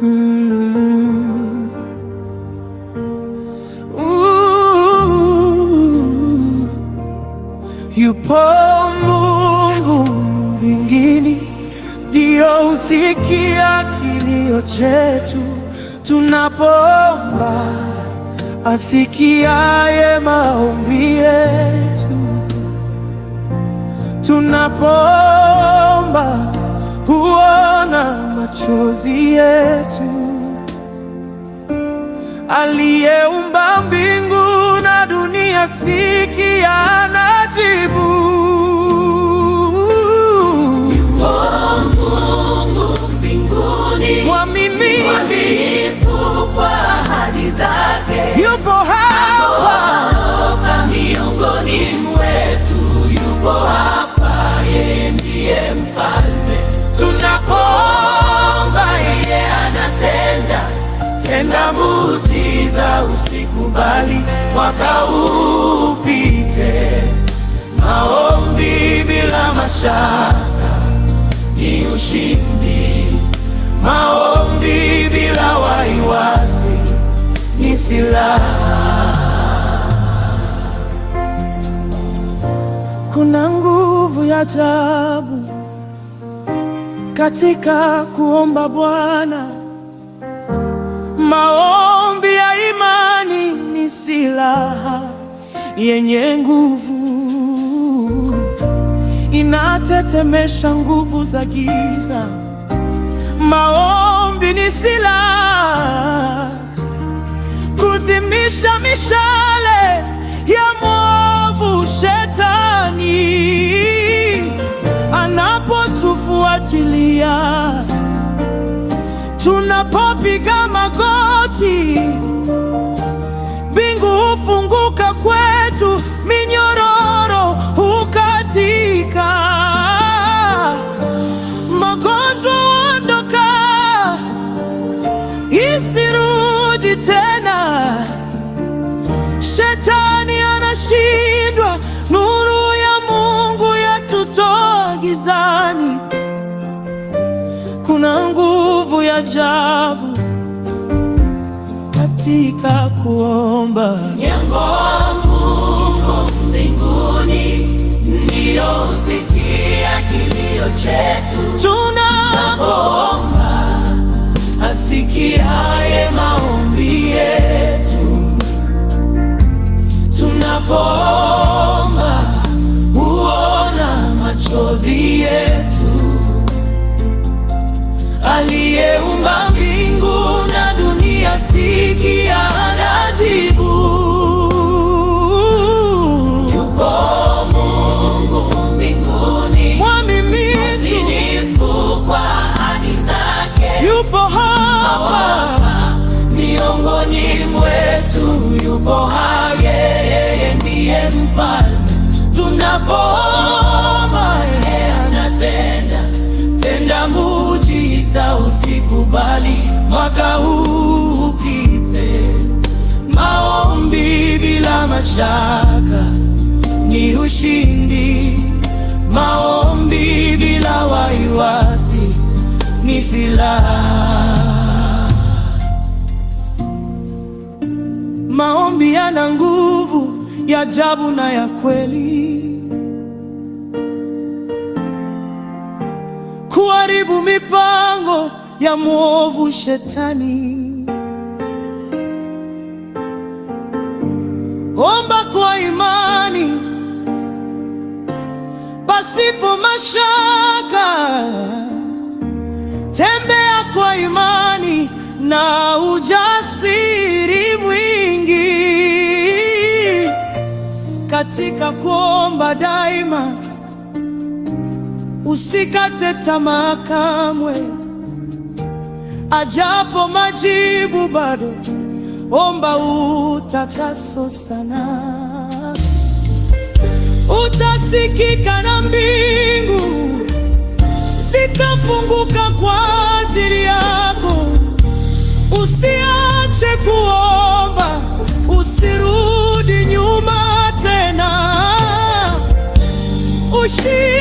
Mm-hmm. Yupo Mungu mwingine, ndio usikia kilio chetu tunapomba asikiaye maombi yetu tunapo machozi yetu, aliyeumba mbingu na dunia, sikia anajibu. Mungu yupo miongoni mwetu, yupo hapa Bila muujiza usikubali mwaka upite. Maombi bila mashaka ni ushindi. Maombi bila waiwasi ni silaha. Kuna nguvu ya ajabu katika kuomba Bwana. Maombi ya imani ni silaha yenye nguvu, inatetemesha nguvu za giza. Maombi ni silaha kuzimisha mishale ya mwovu Shetani anapotufuatilia tunapopiga wakati mbingu hufunguka kwetu, minyororo hukatika, magonjwa huondoka, isirudi tena, shetani anashindwa, nuru ya Mungu yatutoa gizani. Kuna nguvu ya ajabu katika kuomba. Nyimbo wa Mungu mbinguni ndiyo usikia kilio chetu tunapoomba, asikiaye maombi yetu tunapoomba, huona machozi yetu Boma anatenda tenda muujiza, usikubali mwaka huu upite. Maombi bila mashaka ni ushindi, maombi bila wasiwasi ni silaha. Maombi yana nguvu ya ajabu na ya kweli. kuharibu mipango ya mwovu shetani. Omba kwa imani pasipo mashaka, tembea kwa imani na ujasiri mwingi katika kuomba daima usikate tamaa kamwe, ajapo majibu bado, omba utakaso sana, utasikika na mbingu zitafunguka kwa ajili yako. Usiache kuomba, usirudi nyuma tena ushi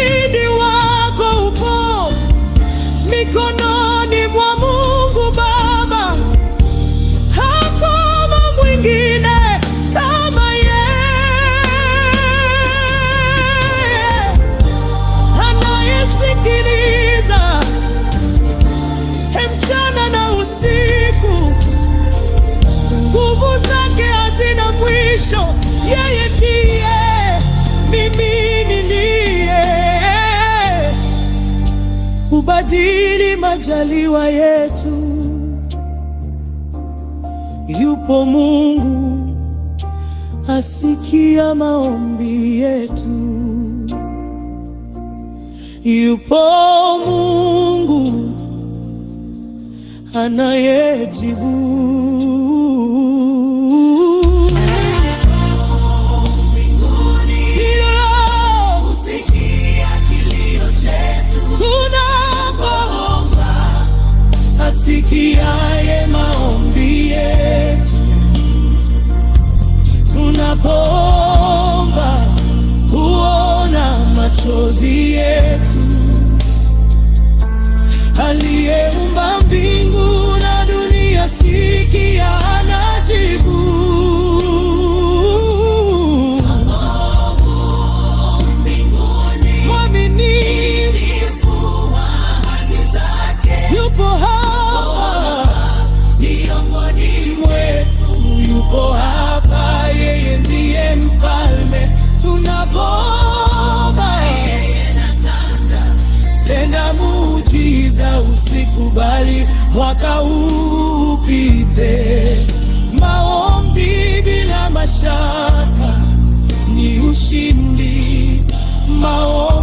kubadili majaliwa yetu. Yupo Mungu asikia maombi yetu. Yupo Mungu anayejibu ouvir. mwaka upite. Maombi bila mashaka ni ushindi. Maombi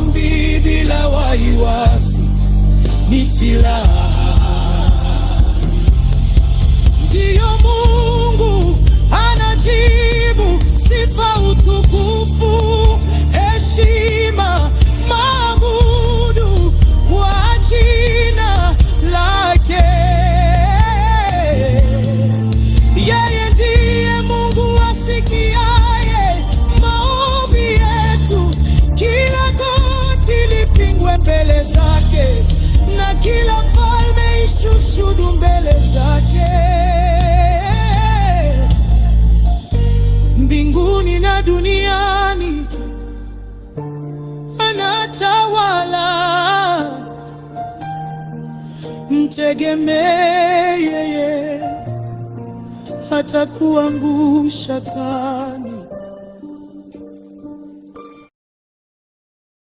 mtegemee yeye, kuangusha kamwe.